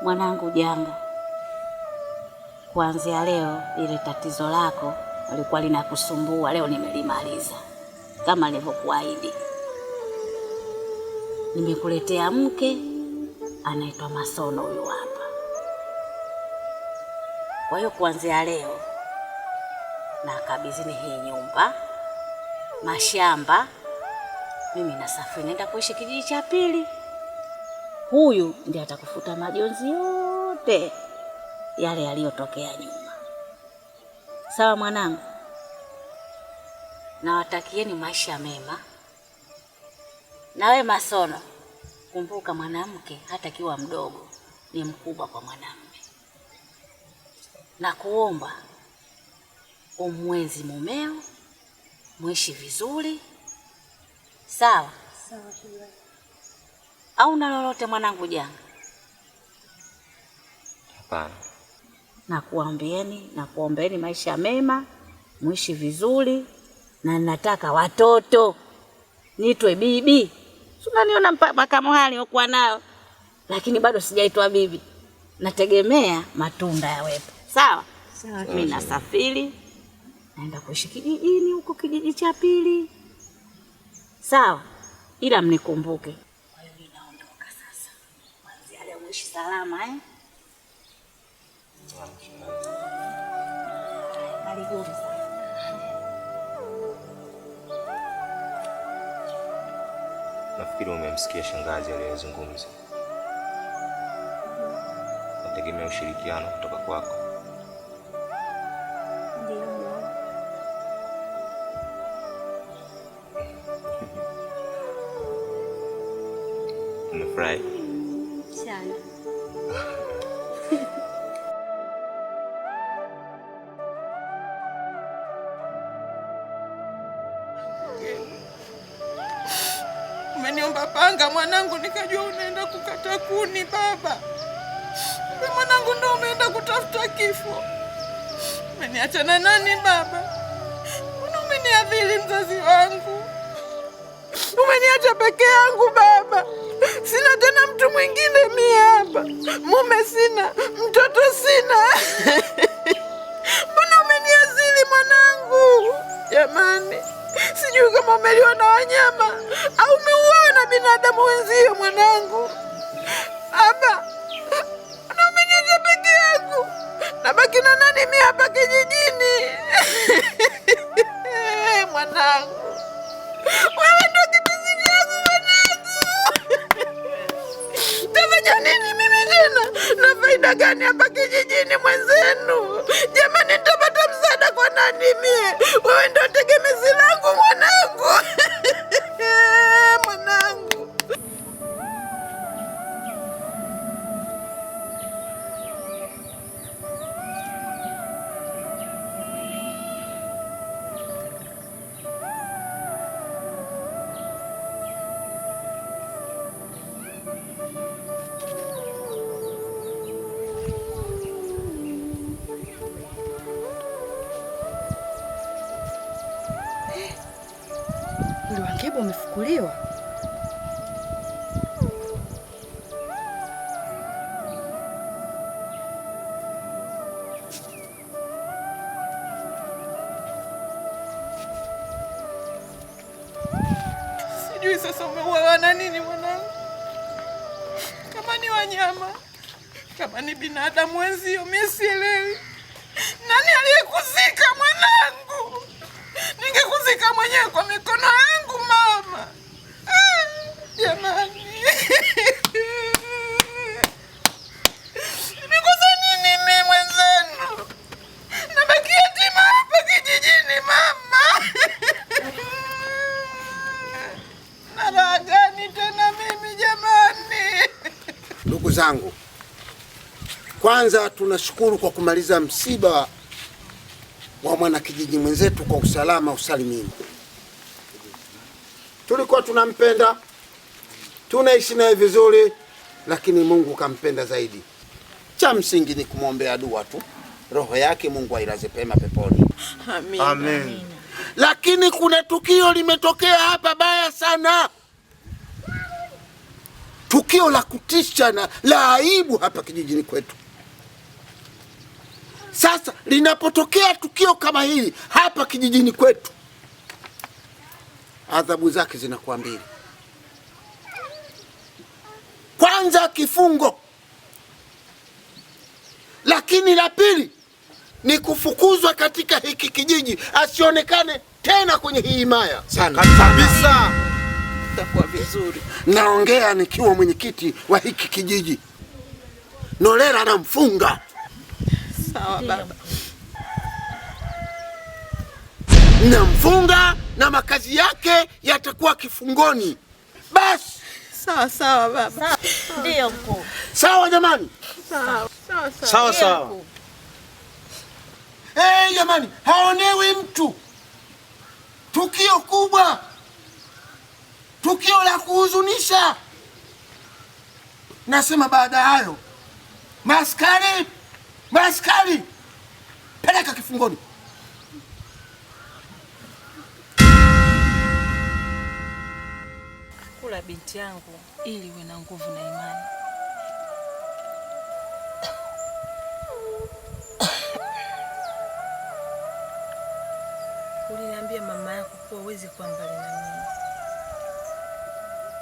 Mwanangu Janga, kuanzia leo ile tatizo lako lilikuwa linakusumbua leo nimelimaliza kama nilivyokuahidi. Nimekuletea mke anaitwa Masono, huyu hapa. Kwa hiyo kuanzia leo na kabizini hii nyumba, mashamba, mimi na Safari naenda kuishi kijiji cha pili huyu ndiye atakufuta majonzi yote yale yaliyotokea nyuma. Sawa mwanangu, nawatakieni maisha mema. Nawe Masono, kumbuka mwanamke hata akiwa mdogo ni mkubwa kwa mwanamume, na kuomba umwenzi mumeo, mwishi vizuri. Sawa sawa au na lolote mwanangu janga? Hapana. Nakuambieni, nakuombeeni maisha mema, muishi vizuri, na nataka watoto nitwe bibi. Unaniona makamo hali niliokuwa nayo, lakini bado sijaitwa bibi. Nategemea matunda yawepo. Sawa, mimi nasafiri naenda kuishi kijijini, huko kijiji cha pili. Sawa, ila mnikumbuke kuishi salama eh? Nafikiri umemsikia shangazi aliyozungumza. Nategemea ushirikiano kutoka kwako. Right. kukata kuni baba. Mimi mwanangu ndo umeenda kutafuta kifo, umeniacha na nani baba? Mbona umeniadhili mzazi wangu, umeniacha peke yangu baba, sina tena mtu mwingine mie hapa, mume sina, mtoto sina mbona umeniadhili mwanangu? Jamani, sijui kama umeliwa na wanyama au umeuawa na binadamu wenzio mwanangu. Aba, unamenyesha peke yangu, nabaki na nani mimi hapa kijijini? Eh, mwanangu wewe ndo kipenzi changu mwanangu, tafanya nini mimi tena? Na faida gani hapa kijijini mwenzenu? sasa umeuawa na nini mwanangu? Kama ni wanyama, kama ni binadamu wenzio, mimi sielewi. Nani aliyekuzika mwanangu? Ningekuzika mwenyewe kwa mikono yangu mama. Ah, jamani. zangu, kwanza tunashukuru kwa kumaliza msiba wa mwanakijiji mwenzetu kwa usalama usalimini. Tulikuwa tunampenda tunaishi naye vizuri, lakini Mungu kampenda zaidi. Cha msingi ni kumwombea dua tu, roho yake Mungu ailaze pema peponi. Amen. Amen. Amen. Lakini kuna tukio limetokea hapa baya sana tukio la kutisha na la aibu hapa kijijini kwetu. Sasa linapotokea tukio kama hili hapa kijijini kwetu, adhabu zake zinakuwa mbili. Kwanza kifungo, lakini la pili ni kufukuzwa katika hiki kijiji, asionekane tena kwenye hii himaya sana itakuwa vizuri. Naongea nikiwa mwenyekiti wa hiki kijiji. Nolela anamfunga Sawa baba, namfunga na makazi yake yatakuwa kifungoni. Basi sawa sawa baba, ndio mkuu. Sawa jamani, sawa sawa, sawa, sawa. Hey, jamani haonewi mtu, tukio kubwa tukio la kuhuzunisha. Nasema baada ya hayo, maskari, maskari, peleka kifungoni. Kula binti yangu, ili uwe na nguvu na imani. Uliniambia mama yako kuwa uwezi kuwa mbali na mimi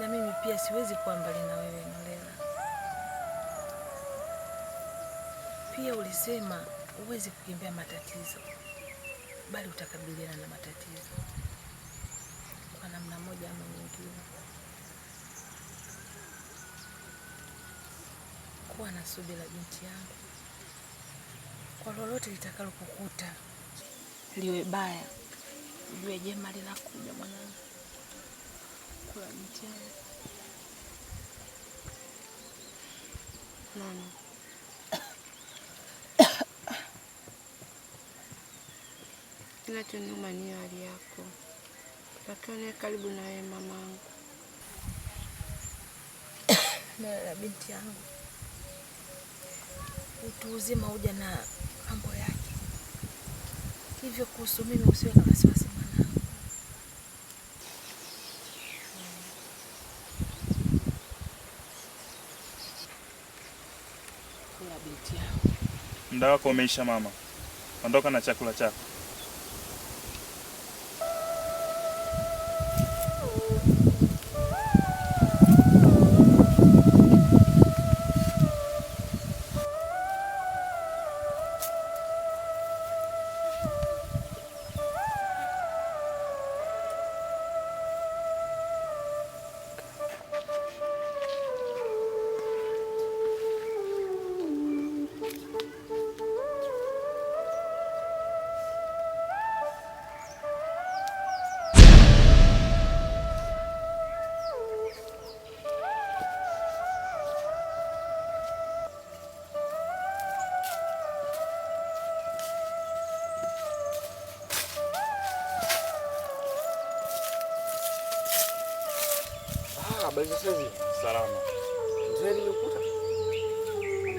na mimi pia siwezi kuwa mbali na wewe Nolela. Pia ulisema huwezi kukimbia matatizo, bali utakabiliana na matatizo kwa namna moja ama nyingine. Kuwa na subira binti yangu, kwa lolote litakalokukuta, liwe baya, ujue jema linakuja mwanangu wa mjane. Mama, kinachoniuma ni hali yako. Lakini karibu na wewe mamangu na binti yangu, utu uzima uja na mambo yake, hivyo kuhusu mimi usiwe na wasiwasi. muda wako umeisha mama, ondoka na chakula chako.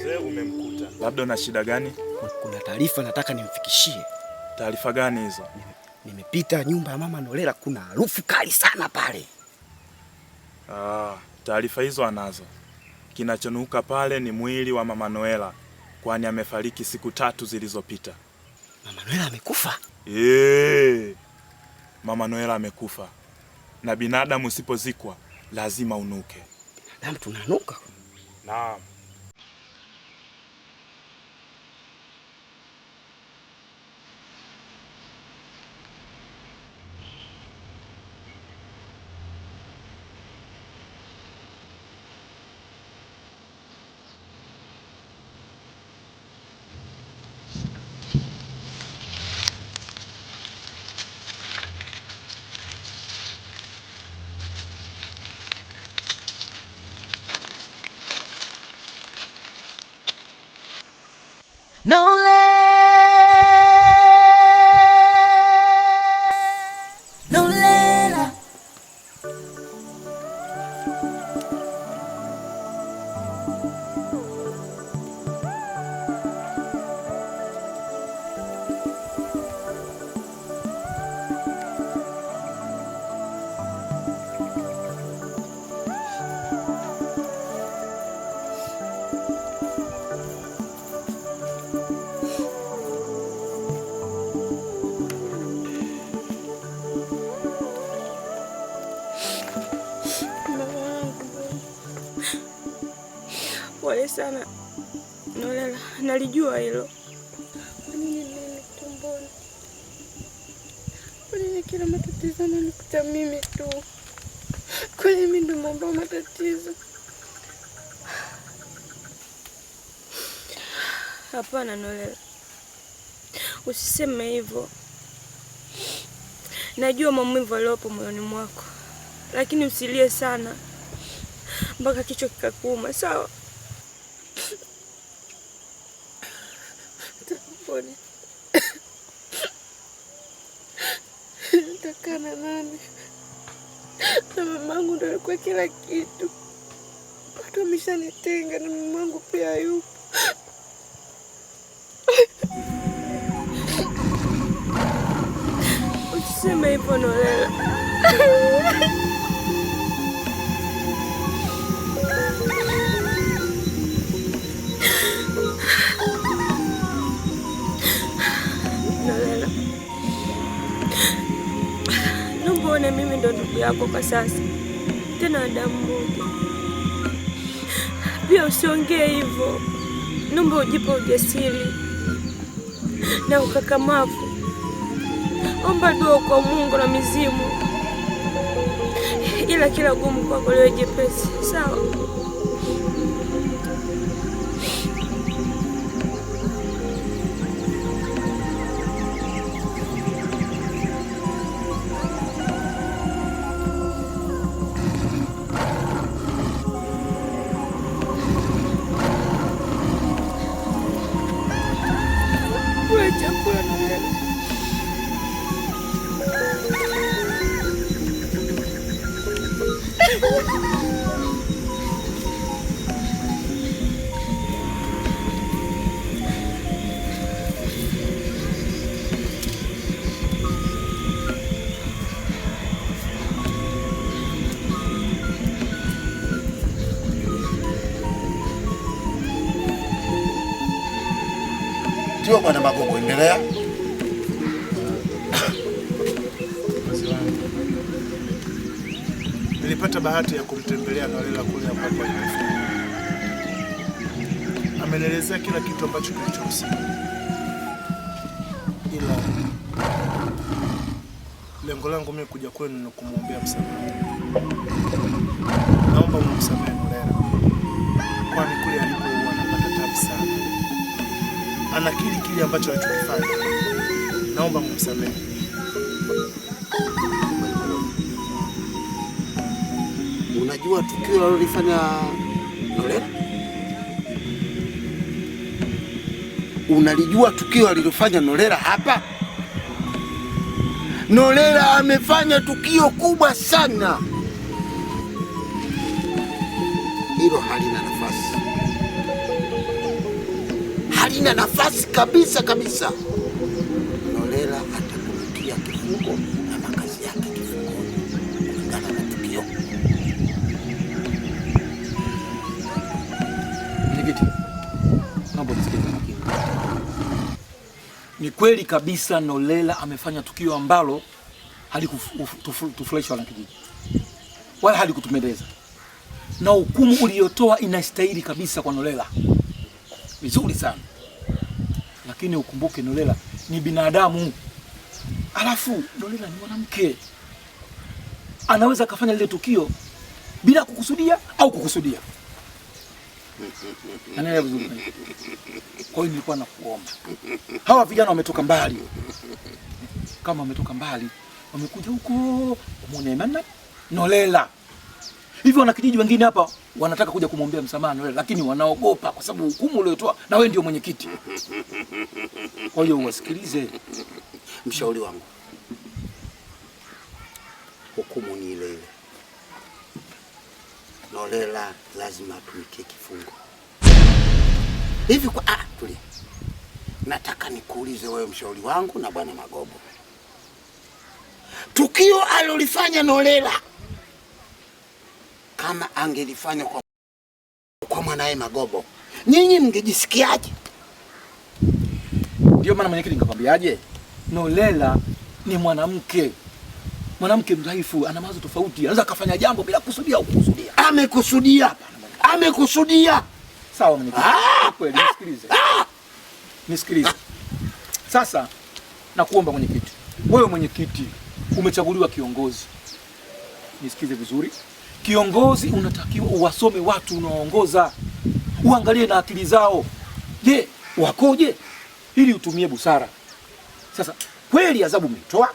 Mzee umemkuta. Labda una shida gani? Kuna taarifa nataka nimfikishie. Taarifa gani hizo? Nimepita nyumba ya mama Nolela, kuna harufu kali sana pale. Ah, taarifa hizo anazo. Kinachonuka pale ni mwili wa mama Noela, kwani amefariki siku tatu zilizopita. Mama Noela amekufa? Eee, mama Noela amekufa, na binadamu usipozikwa lazima unuke. Binadamu tunanuka? Naam. No. sana Nolela, nalijua hilo. Kwa nini mimi tumboni? Kwa nini kila matatizo yananikuta mimi tu? Kwa nini mimi ndo mambo matatizo? Hapana Nolela, usiseme hivyo. Najua maumivu aliopo moyoni mwako, lakini usilie sana mpaka kichwa kikakuuma, sawa? takana nani? Na mamangu ndo alikuwa kila kitu, watu wameshanitenga na mamangu pia yupo usiseme hivyo Nolela. na mimi ndo ndugu yako kwa sasa, tena damu moja. Pia usiongee hivyo, naomba ujipe ujasiri na ukakamavu. Omba dua kwa Mungu na mizimu, ila kila gumu kwako liwe jepesi, sawa? Umefanikiwa bwana Magogo, kuendelea Nilipata bahati ya kumtembelea Nolela kule ambapo alipofariki. Amenielezea kila kitu ambacho kilichomsibu, ila lengo langu mimi kuja kwenu ni kumwombea msamaha. Naomba mumsamehe Nolela, kwani kule alipoua anapata tabu sana, anakili kile ambacho alichokifanya. Naomba mumsamehe. Unajua tukio alilofanya Lorena? Unalijua tukio alilofanya Lorena hapa? norera amefanya tukio kubwa sana. sina nafasi kabisa kabisa. Nolela atakurudia kifungo na makazi yake kifungoni kulingana na tukio. Ni kweli kabisa Nolela amefanya tukio ambalo halikutufurahisha kijiji wala halikutumeleza, na hukumu uliyotoa inastahili kabisa kwa Nolela. Vizuri sana lakini ukumbuke Nolela ni binadamu, alafu Nolela ni mwanamke, anaweza akafanya lile tukio bila kukusudia au kukusudia. Anaelewa vizuri. Kwa hiyo nilikuwa nakuomba, hawa vijana wametoka mbali, kama wametoka mbali, wamekuja huko kumwona Imana Nolela, hivyo wanakijiji wengine hapa wanataka kuja kumwombea msamaha na wewe, lakini wanaogopa kwa sababu hukumu uliotoa na wewe ndio mwenyekiti. Kwa hiyo uwasikilize, mshauri wangu, hukumu ni ile ile. Nolela lazima atumikie kifungo hivi kwa ah, tuli. Nataka nikuulize wewe mshauri wangu na bwana Magobo, tukio alolifanya Nolela kama angelifanya kwa, kwa mwanaye Magobo, nyinyi mngejisikiaje? Ndio maana mwenyekiti, nikakwambiaje, Nolela ni mwanamke mwanamke mdhaifu, ana mawazo tofauti, anaweza akafanya jambo bila kusudia au kusudia. Amekusudia, amekusudia. Sawa mwenyekiti, ah! kweli. Nisikilize, ah! nisikilize sasa. Nakuomba mwenyekiti, wewe mwenyekiti, umechaguliwa kiongozi, nisikize vizuri Kiongozi unatakiwa uwasome watu unaoongoza, uangalie na akili zao, je, wakoje, ili utumie busara. Sasa kweli adhabu umetoa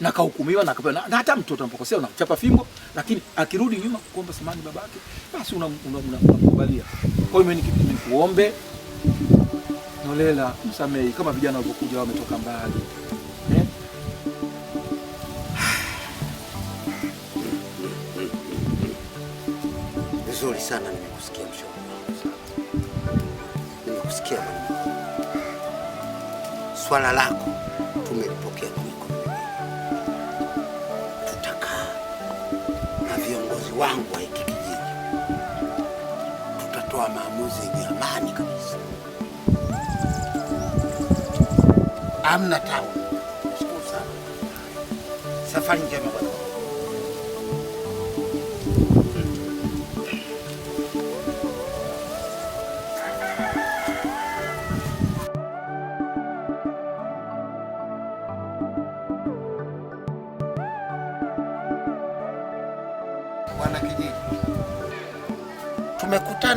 na kahukumiwa na kapewa, na hata mtoto anapokosea unamchapa fimbo, lakini akirudi nyuma kuomba samani babake, basi unamkubalia. Kwa hiyo mimi nikuombe Nolela, msamei kama vijana walivyokuja wametoka mbali. Vizuri sana nimekusikia mshauri. Nimekusikia mwanangu Swala lako tumelipokea kwa kuliko. Tutakaa na viongozi wangu wa hiki kijiji, tutatoa maamuzi yenye amani kabisa. Amna tabu. Safari njema.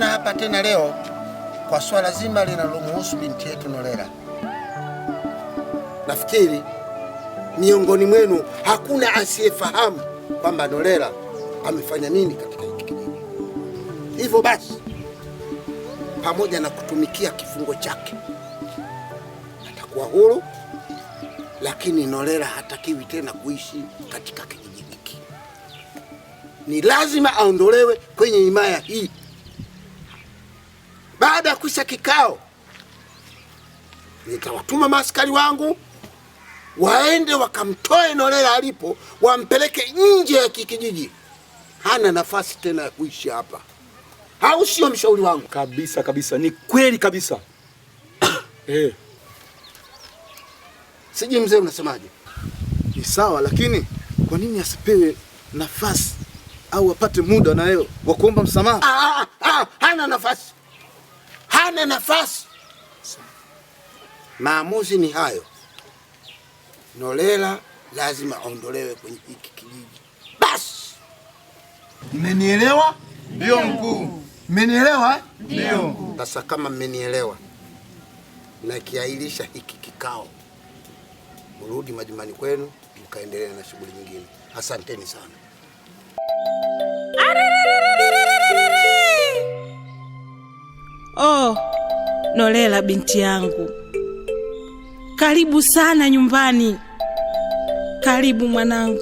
Tunakutana hapa tena leo kwa swala zima linalomhusu binti yetu Nolela. Nafikiri miongoni mwenu hakuna asiyefahamu kwamba nolela amefanya nini katika hiki kijiji. Hivyo basi, pamoja na kutumikia kifungo chake atakuwa huru, lakini Nolela hatakiwi tena kuishi katika kijiji hiki. Ni lazima aondolewe kwenye himaya hii. Baada ya kuisha kikao, nitawatuma maaskari wangu waende wakamtoe Nolela alipo, wampeleke nje ya kijiji. Hana nafasi tena ya kuishi hapa, au sio, mshauri wangu? Kabisa kabisa, ni kweli kabisa. Eh, sijui mzee unasemaje? Ni sawa, lakini kwa nini asipewe nafasi au apate muda nayo wa kuomba msamaha? Ah, ah, ah, hana nafasi hana nafasi. Maamuzi ni hayo. Nolela lazima aondolewe kwenye hiki kijiji. Basi, mmenielewa? Ndio mkuu. Mmenielewa? Eh? Ndio Sasa kama mmenielewa, nakiailisha hiki kikao, mrudi majumbani kwenu mkaendelea na shughuli nyingine. Asanteni sana. Arere! Oh, Nolela binti yangu, karibu sana nyumbani, karibu mwanangu.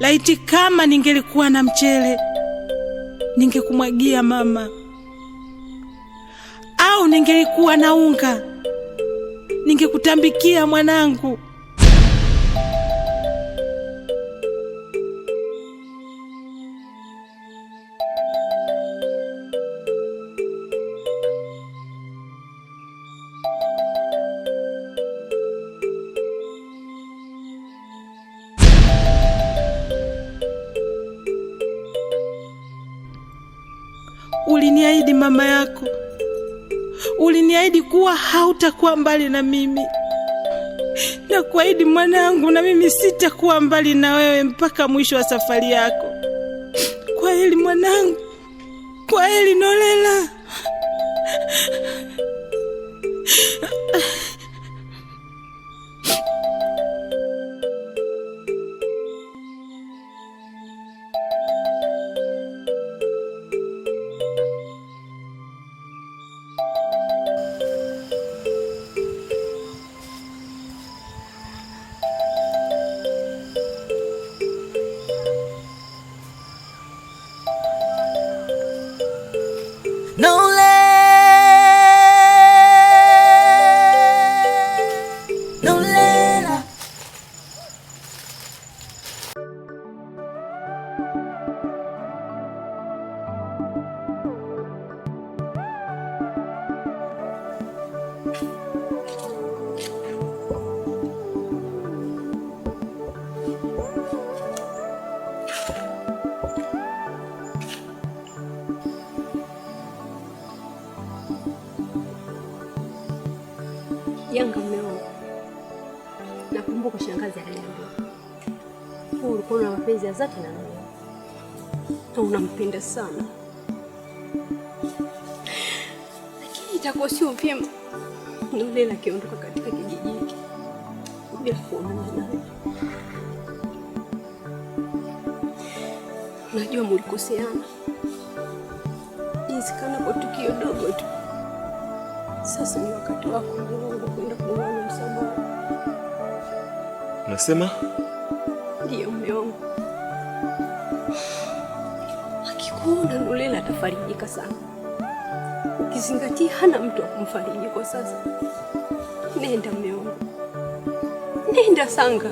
Laiti kama ningelikuwa na mchele ningekumwagia mama, au ningelikuwa na unga ningekutambikia mwanangu. uliniahidi mama yako, uliniahidi kuwa hautakuwa mbali na mimi. Nakuahidi mwanangu, na mimi sitakuwa mbali na wewe mpaka mwisho wa safari yako. Kwa heri mwanangu, kwa heri Nolela. Yanga mume wangu, nakumbuka shangazi aliniambia kuwa ulikuwa na mapenzi ya dhati na mimi, na unampenda sana, lakini itakuwa sio vyema Nolela akiondoka katika kijiji hiki bila kuonana naye. Najua mulikoseana, inawezekana kwa tukio dogo tu sasa ni wakati wako mwanangu kwenda kuona msamaha. Unasema? Ndiyo mume wangu. Akikuona Nolela atafarijika sana, ukizingatia hana mtu wa kumfariji kwa sasa. Nenda mume wangu, nenda Sanga.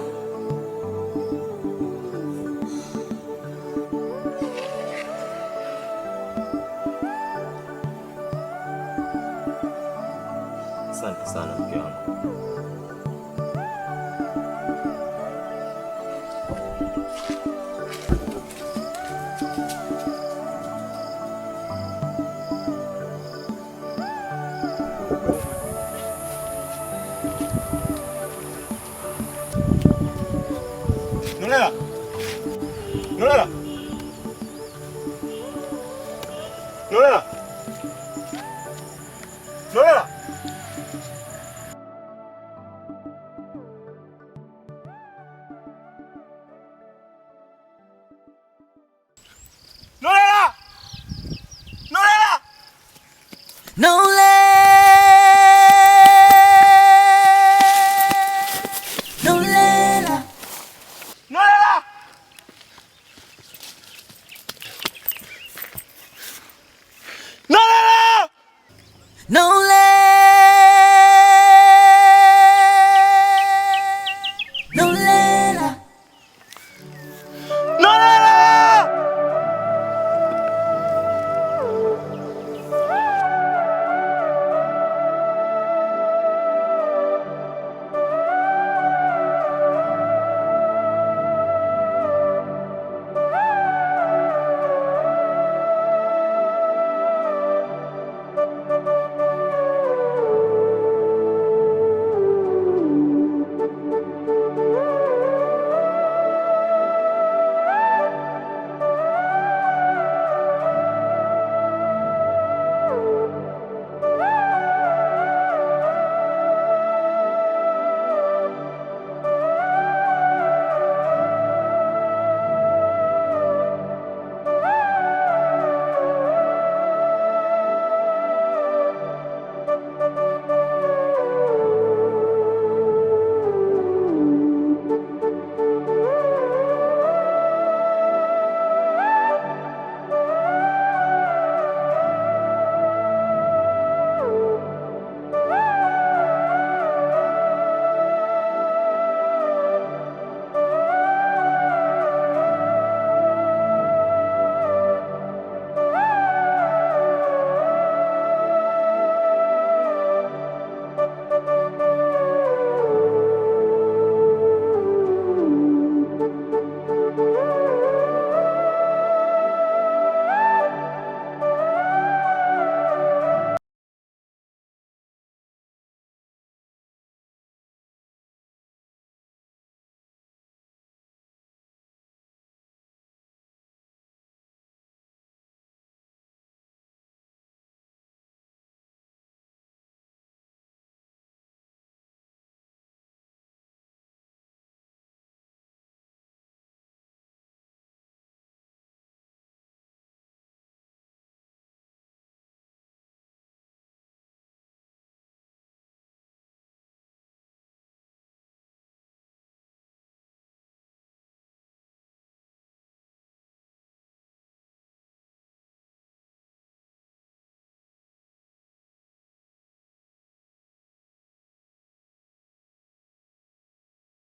牛来了！牛来了！牛来了！牛来了！